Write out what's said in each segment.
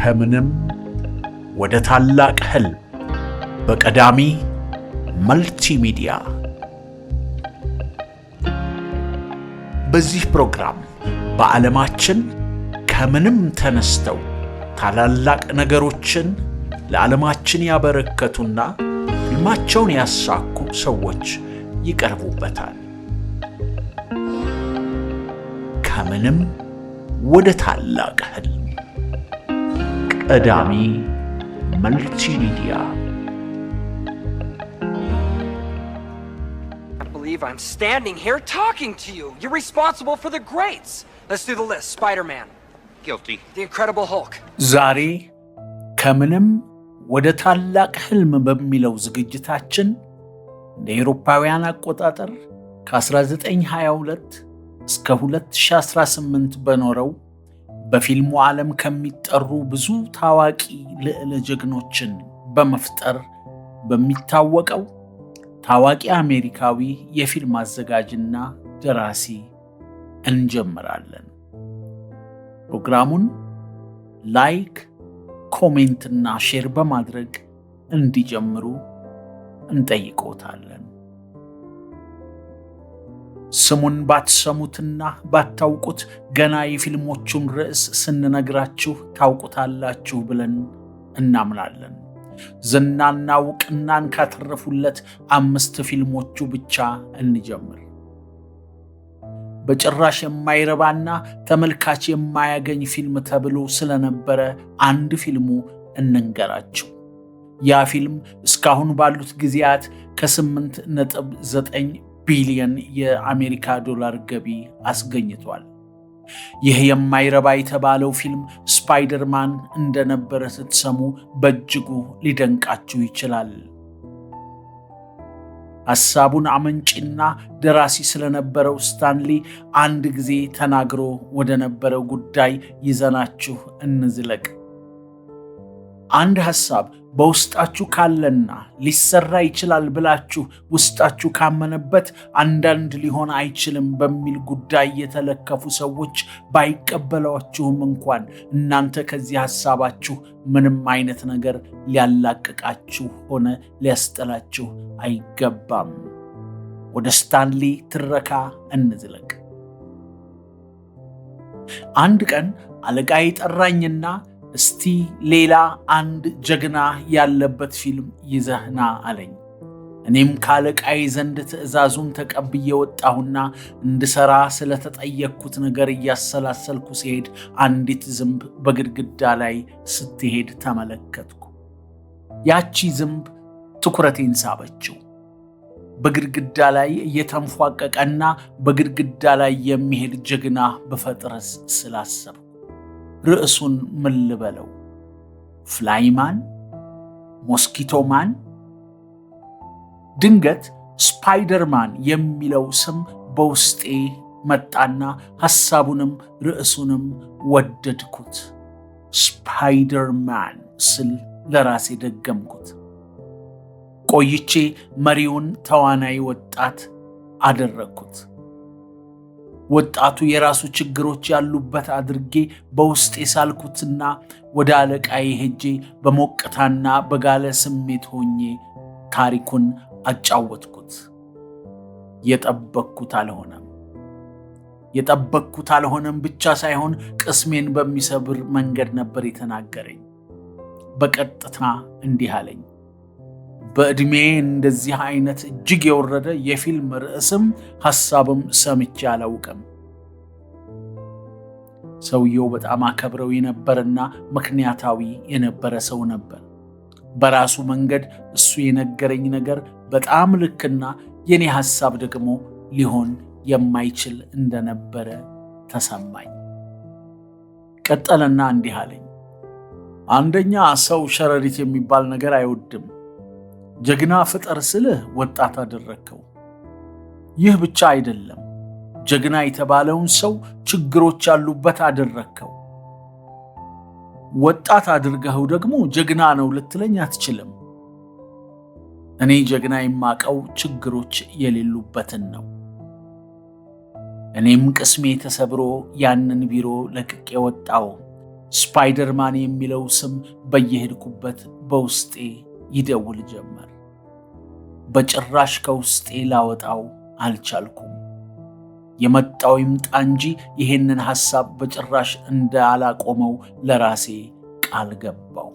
ከምንም ወደ ታላቅ ህል በቀዳሚ መልቲሚዲያ። በዚህ ፕሮግራም በዓለማችን ከምንም ተነስተው ታላላቅ ነገሮችን ለዓለማችን ያበረከቱና ህልማቸውን ያሳኩ ሰዎች ይቀርቡበታል። ከምንም ወደ ታላቅ ህልም ቀዳሚ መልቲ ሚዲያ I'm standing here talking to you. You're responsible for the greats. Let's do the list. Spider-Man. Guilty. The Incredible Hulk. ዛሬ ከምንም ወደ Helm ህልም Zgijitachin, Nero እንደ አውሮፓውያን Kasrazit ከ1922 እስከ 2018 በኖረው በፊልሙ ዓለም ከሚጠሩ ብዙ ታዋቂ ልዕለ ጀግኖችን በመፍጠር በሚታወቀው ታዋቂ አሜሪካዊ የፊልም አዘጋጅና ደራሲ እንጀምራለን። ፕሮግራሙን ላይክ፣ ኮሜንትና ሼር በማድረግ እንዲጀምሩ እንጠይቆታለን። ስሙን ባትሰሙትና ባታውቁት ገና የፊልሞቹን ርዕስ ስንነግራችሁ ታውቁታላችሁ ብለን እናምናለን። ዝናና እውቅናን ካተረፉለት አምስት ፊልሞቹ ብቻ እንጀምር። በጭራሽ የማይረባና ተመልካች የማያገኝ ፊልም ተብሎ ስለነበረ አንድ ፊልሙ እንንገራችሁ። ያ ፊልም እስካሁን ባሉት ጊዜያት ከ8 9 ቢሊየን የአሜሪካ ዶላር ገቢ አስገኝቷል። ይህ የማይረባ የተባለው ፊልም ስፓይደርማን እንደነበረ ስትሰሙ በእጅጉ ሊደንቃችሁ ይችላል። ሐሳቡን አመንጪና ደራሲ ስለነበረው ስታንሊ አንድ ጊዜ ተናግሮ ወደ ነበረው ጉዳይ ይዘናችሁ እንዝለቅ። አንድ ሐሳብ በውስጣችሁ ካለና ሊሰራ ይችላል ብላችሁ ውስጣችሁ ካመነበት አንዳንድ ሊሆን አይችልም በሚል ጉዳይ የተለከፉ ሰዎች ባይቀበሏችሁም እንኳን እናንተ ከዚህ ሀሳባችሁ ምንም አይነት ነገር ሊያላቅቃችሁ ሆነ ሊያስጠላችሁ አይገባም። ወደ ስታንሊ ትረካ እንዝለቅ። አንድ ቀን አለቃ የጠራኝና እስቲ ሌላ አንድ ጀግና ያለበት ፊልም ይዘህና አለኝ። እኔም ካለቃዬ ዘንድ ትዕዛዙን ተቀብዬ ወጣሁና እንድሠራ ስለተጠየቅኩት ነገር እያሰላሰልኩ ሲሄድ አንዲት ዝንብ በግድግዳ ላይ ስትሄድ ተመለከትኩ። ያቺ ዝንብ ትኩረቴን ሳበችው። በግድግዳ ላይ እየተንፏቀቀና በግድግዳ ላይ የሚሄድ ጀግና ብፈጥርስ ስላሰብኩ ርዕሱን ምን ልበለው? ፍላይማን? ሞስኪቶማን? ድንገት ስፓይደርማን የሚለው ስም በውስጤ መጣና ሐሳቡንም ርዕሱንም ወደድኩት። ስፓይደርማን ስል ለራሴ ደገምኩት። ቆይቼ መሪውን ተዋናይ ወጣት አደረግኩት። ወጣቱ የራሱ ችግሮች ያሉበት አድርጌ በውስጤ የሳልኩትና ወደ አለቃዬ ሄጄ በሞቅታና በጋለ ስሜት ሆኜ ታሪኩን አጫወትኩት። የጠበቅኩት አልሆነም። የጠበቅኩት አልሆነም ብቻ ሳይሆን ቅስሜን በሚሰብር መንገድ ነበር የተናገረኝ። በቀጥታ እንዲህ አለኝ። በእድሜ እንደዚህ አይነት እጅግ የወረደ የፊልም ርዕስም ሐሳብም ሰምቼ አላውቅም። ሰውየው በጣም አከብረው የነበረና ምክንያታዊ የነበረ ሰው ነበር። በራሱ መንገድ እሱ የነገረኝ ነገር በጣም ልክና የኔ ሐሳብ ደግሞ ሊሆን የማይችል እንደነበረ ተሰማኝ። ቀጠለና እንዲህ አለኝ። አንደኛ ሰው ሸረሪት የሚባል ነገር አይወድም። ጀግና ፍጠር ስልህ ወጣት አደረግከው። ይህ ብቻ አይደለም፣ ጀግና የተባለውን ሰው ችግሮች ያሉበት አደረግከው። ወጣት አድርገኸው ደግሞ ጀግና ነው ልትለኝ አትችልም። እኔ ጀግና የማቀው ችግሮች የሌሉበትን ነው። እኔም ቅስሜ ተሰብሮ ያንን ቢሮ ለቅቄ የወጣው ስፓይደርማን የሚለው ስም በየሄድኩበት በውስጤ ይደውል ጀመር። በጭራሽ ከውስጤ ላወጣው አልቻልኩም። የመጣው ይምጣ እንጂ ይሄንን ሐሳብ በጭራሽ እንዳላቆመው ለራሴ ቃል ገባው።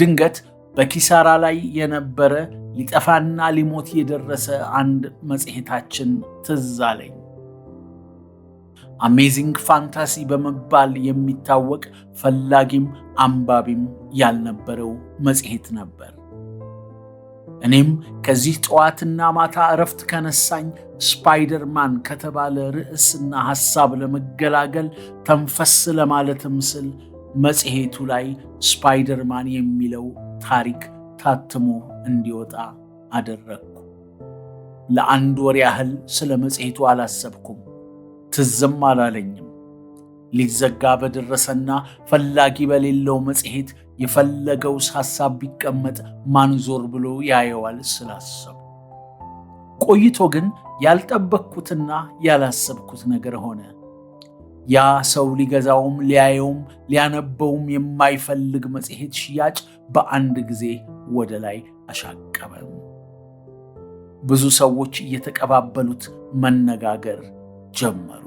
ድንገት በኪሳራ ላይ የነበረ ሊጠፋና ሊሞት የደረሰ አንድ መጽሔታችን ትዝ አለኝ። አሜዚንግ ፋንታሲ በመባል የሚታወቅ ፈላጊም አንባቢም ያልነበረው መጽሔት ነበር። እኔም ከዚህ ጠዋትና ማታ እረፍት ከነሳኝ ስፓይደርማን ከተባለ ርዕስና ሐሳብ ለመገላገል ተንፈስ ለማለትም ስል መጽሔቱ ላይ ስፓይደርማን የሚለው ታሪክ ታትሞ እንዲወጣ አደረግኩ። ለአንድ ወር ያህል ስለ መጽሔቱ አላሰብኩም። ትዝም አላለኝም። ሊዘጋ በደረሰና ፈላጊ በሌለው መጽሔት የፈለገው ሐሳብ ቢቀመጥ ማንዞር ብሎ ያየዋል ስላሰብ ቆይቶ ግን ያልጠበቅኩትና ያላሰብኩት ነገር ሆነ። ያ ሰው ሊገዛውም ሊያየውም ሊያነበውም የማይፈልግ መጽሔት ሽያጭ በአንድ ጊዜ ወደ ላይ አሻቀበም። ብዙ ሰዎች እየተቀባበሉት መነጋገር ጀመሩ።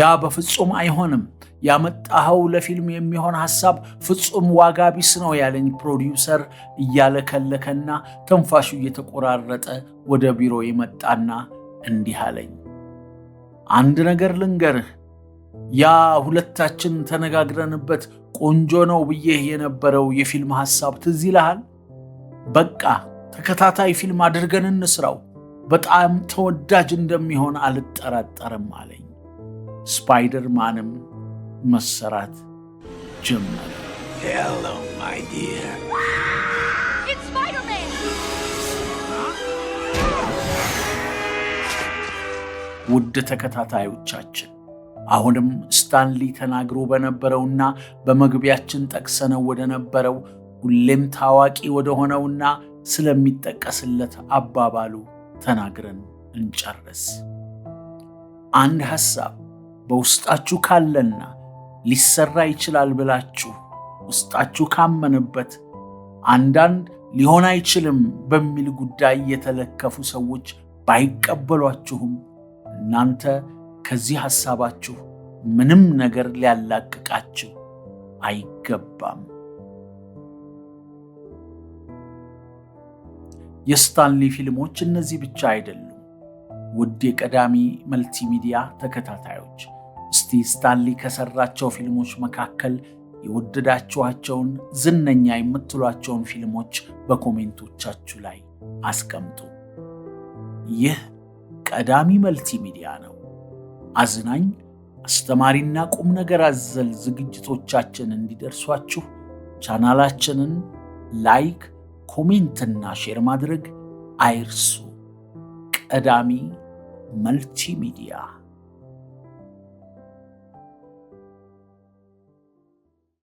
ያ በፍጹም አይሆንም፣ ያመጣኸው ለፊልም የሚሆን ሐሳብ ፍጹም ዋጋ ቢስ ነው ያለኝ ፕሮዲውሰር እያለከለከና ትንፋሹ እየተቆራረጠ ወደ ቢሮ የመጣና እንዲህ አለኝ። አንድ ነገር ልንገርህ፣ ያ ሁለታችን ተነጋግረንበት ቆንጆ ነው ብዬህ የነበረው የፊልም ሐሳብ ትዝ ይልሃል? በቃ ተከታታይ ፊልም አድርገን እንስራው። በጣም ተወዳጅ እንደሚሆን አልጠራጠርም አለኝ። ስፓይደር ማንም መሰራት ጀመረ። ውድ ተከታታዮቻችን አሁንም ስታንሊ ተናግሮ በነበረውና በመግቢያችን ጠቅሰነው ወደ ነበረው ሁሌም ታዋቂ ወደሆነውና ስለሚጠቀስለት አባባሉ ተናግረን እንጨርስ። አንድ ሐሳብ በውስጣችሁ ካለና ሊሰራ ይችላል ብላችሁ ውስጣችሁ ካመነበት አንዳንድ ሊሆን አይችልም በሚል ጉዳይ የተለከፉ ሰዎች ባይቀበሏችሁም እናንተ ከዚህ ሐሳባችሁ ምንም ነገር ሊያላቅቃችሁ አይገባም። የስታንሊ ፊልሞች እነዚህ ብቻ አይደሉም። ውድ የቀዳሚ መልቲሚዲያ ተከታታዮች እስቲ ስታንሊ ከሰራቸው ፊልሞች መካከል የወደዳችኋቸውን ዝነኛ የምትሏቸውን ፊልሞች በኮሜንቶቻችሁ ላይ አስቀምጡ። ይህ ቀዳሚ መልቲ ሚዲያ ነው። አዝናኝ አስተማሪና ቁም ነገር አዘል ዝግጅቶቻችን እንዲደርሷችሁ ቻናላችንን ላይክ፣ ኮሜንትና ሼር ማድረግ አይርሱ። ቀዳሚ መልቲ ሚዲያ